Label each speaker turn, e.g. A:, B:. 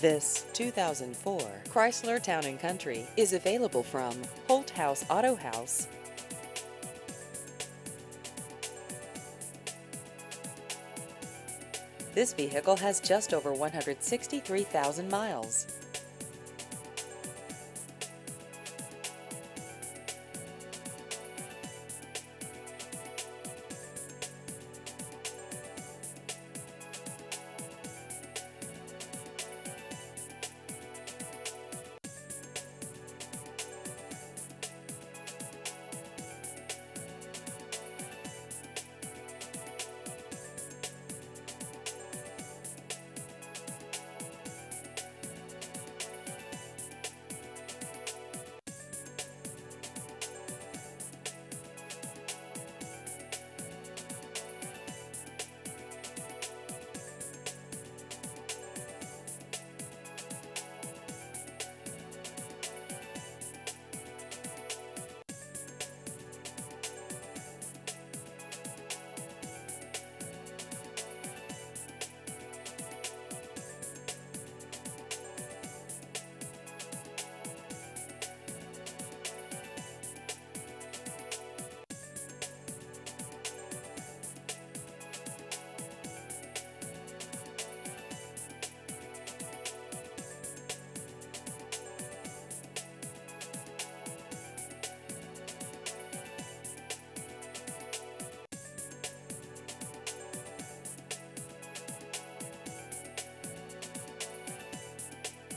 A: This 2004 Chrysler Town & Country is available from Holt House Auto House. This vehicle has just over 163,000 miles.